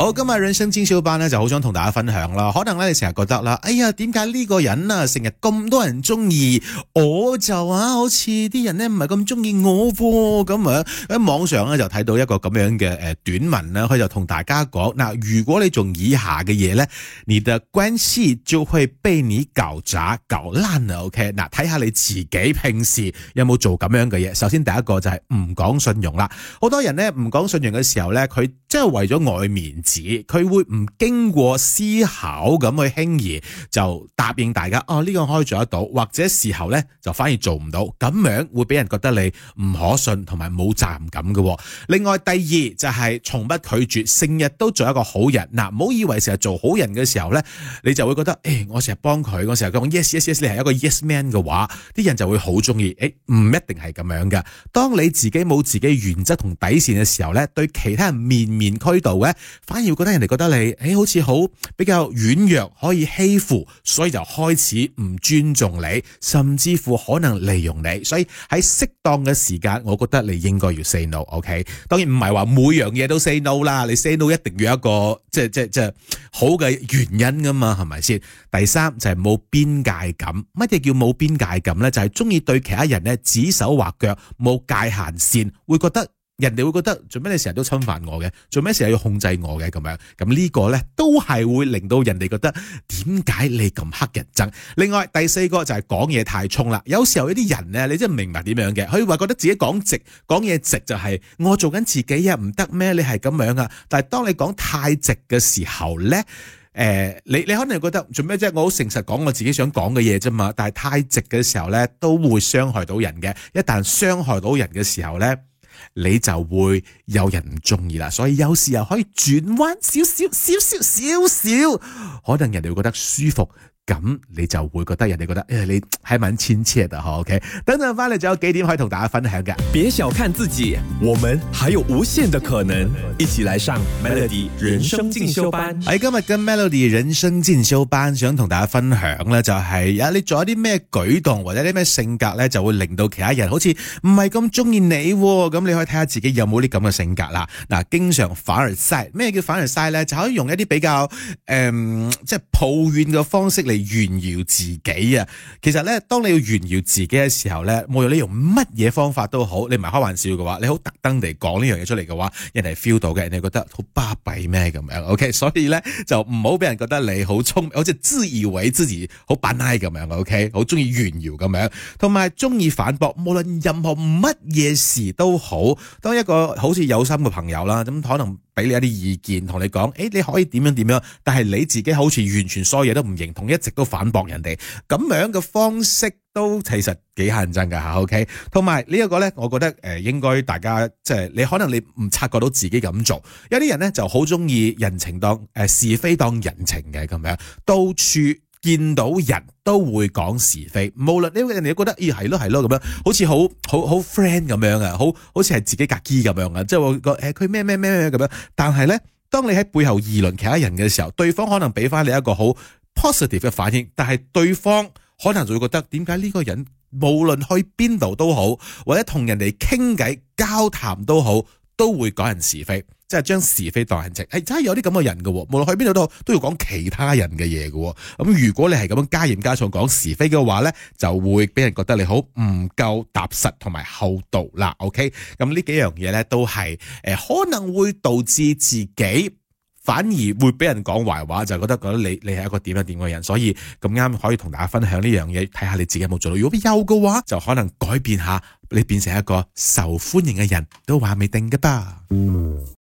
好，今日人生進修班咧，就好想同大家分享啦。可能咧，你成日覺得啦，哎呀，點解呢個人啊，成日咁多人中意，我就啊，好似啲人咧唔係咁中意我噃，啊。咁啊喺網上咧就睇到一個咁樣嘅誒短文啦，佢就同大家講嗱，如果你做以下嘅嘢咧，你的關係就會被你搞砸、搞爛啦。OK，嗱，睇下你自己平時有冇做咁樣嘅嘢。首先第一個就係唔講信用啦。好多人咧唔講信用嘅時候咧，佢即係為咗外面。佢會唔經過思考咁去輕易就答應大家哦，呢個可以做得到，或者事後呢就反而做唔到，咁樣會俾人覺得你唔可信同埋冇責任感㗎喎。另外第二就係從不拒絕，成日都做一個好人。嗱，唔好以為成日做好人嘅時候呢，你就會覺得誒，我成日幫佢，我成日講 yes yes yes，你係一個 yes man 嘅話，啲人就會好中意。誒，唔一定係咁樣嘅。當你自己冇自己原則同底線嘅時候呢，對其他人面面俱到咧，要覺得人哋覺得你誒，好似好比較軟弱，可以欺負，所以就開始唔尊重你，甚至乎可能利用你。所以喺適當嘅時間，我覺得你應該要 say no。OK，當然唔係話每樣嘢都 say no 啦，你 say no 一定要一個即係即係好嘅原因噶嘛，係咪先？第三就係冇邊界感。乜嘢叫冇邊界感呢？就係中意對其他人咧指手畫腳，冇界限線，會覺得。人哋會覺得做咩你成日都侵犯我嘅，做咩成日要控制我嘅咁樣？咁呢個呢，都係會令到人哋覺得點解你咁黑人憎？另外第四個就係講嘢太衝啦。有時候一啲人呢，你真係明白點樣嘅？佢話覺得自己講直，講嘢直就係我做緊自己啊，唔得咩？你係咁樣啊？但係當你講太直嘅時候呢，誒、呃，你你可能覺得做咩啫？我好誠實講我自己想講嘅嘢啫嘛。但係太直嘅時候呢，都會傷害到人嘅。一旦傷害到人嘅時候呢，你就會有人唔中意啦，所以有時候可以轉彎少少少少少少，可能人哋會覺得舒服。咁你就會覺得人哋覺得誒，你係蠻親切嘅，OK。等陣翻嚟就有幾點可以同大家分享嘅。別小看自己，我們還有無限的可能，一起來上 Melody 人生進修班。誒、哎，今日嘅 Melody 人生進修班想同大家分享咧，就係、是、啊，你做一啲咩舉動或者啲咩性格咧，就會令到其他人好似唔係咁中意你。咁你可以睇下自己有冇啲咁嘅性格啦。嗱，經常反而曬，咩叫反而曬咧？就可以用一啲比較誒、嗯，即係抱怨嘅方式嚟。炫耀自己啊！其實咧，當你要炫耀自己嘅時候咧，無論你用乜嘢方法都好，你唔係開玩笑嘅話，你好特登地講呢樣嘢出嚟嘅話，人哋 feel 到嘅，你覺得好巴閉咩咁樣？OK，所以咧就唔好俾人覺得你好聰明，好似自以為自己好品嘅咁樣。OK，好中意炫耀咁樣，同埋中意反駁，無論任何乜嘢事都好。當一個好似有心嘅朋友啦，咁可能。俾你一啲意見，同你講，誒、欸、你可以點樣點樣，但係你自己好似完全所有嘢都唔認同，一直都反駁人哋，咁樣嘅方式都其實幾乞人憎㗎吓。OK，同埋呢一個呢，我覺得誒、呃、應該大家即係你可能你唔察覺到自己咁做，有啲人呢就好中意人情當誒、呃、是非當人情嘅咁樣，到處見到人都會講是非，無論呢個人你覺得，咦係咯係咯咁樣，好似好好好 friend 咁樣啊，好好似係自己隔籬咁樣啊，即係會覺誒佢咩咩咩咁樣。但係呢，當你喺背後議論其他人嘅時候，對方可能俾翻你一個好 positive 嘅反應，但係對方可能就會覺得點解呢個人無論去邊度都好，或者同人哋傾偈交談都好，都會講人是非。即係將是非當眼情，誒、哎、真係有啲咁嘅人嘅喎，無論去邊度都好，都要講其他人嘅嘢嘅喎。咁如果你係咁樣加鹽加醋講是非嘅話呢，就會俾人覺得你好唔夠踏實同埋厚道啦。OK，咁呢幾樣嘢呢，都係誒可能會導致自己反而會俾人講壞話，就覺得覺得你你係一個點樣點嘅人。所以咁啱可以同大家分享呢樣嘢，睇下你自己有冇做到。如果冇有嘅話，就可能改變下你變成一個受歡迎嘅人都話未定嘅吧。嗯。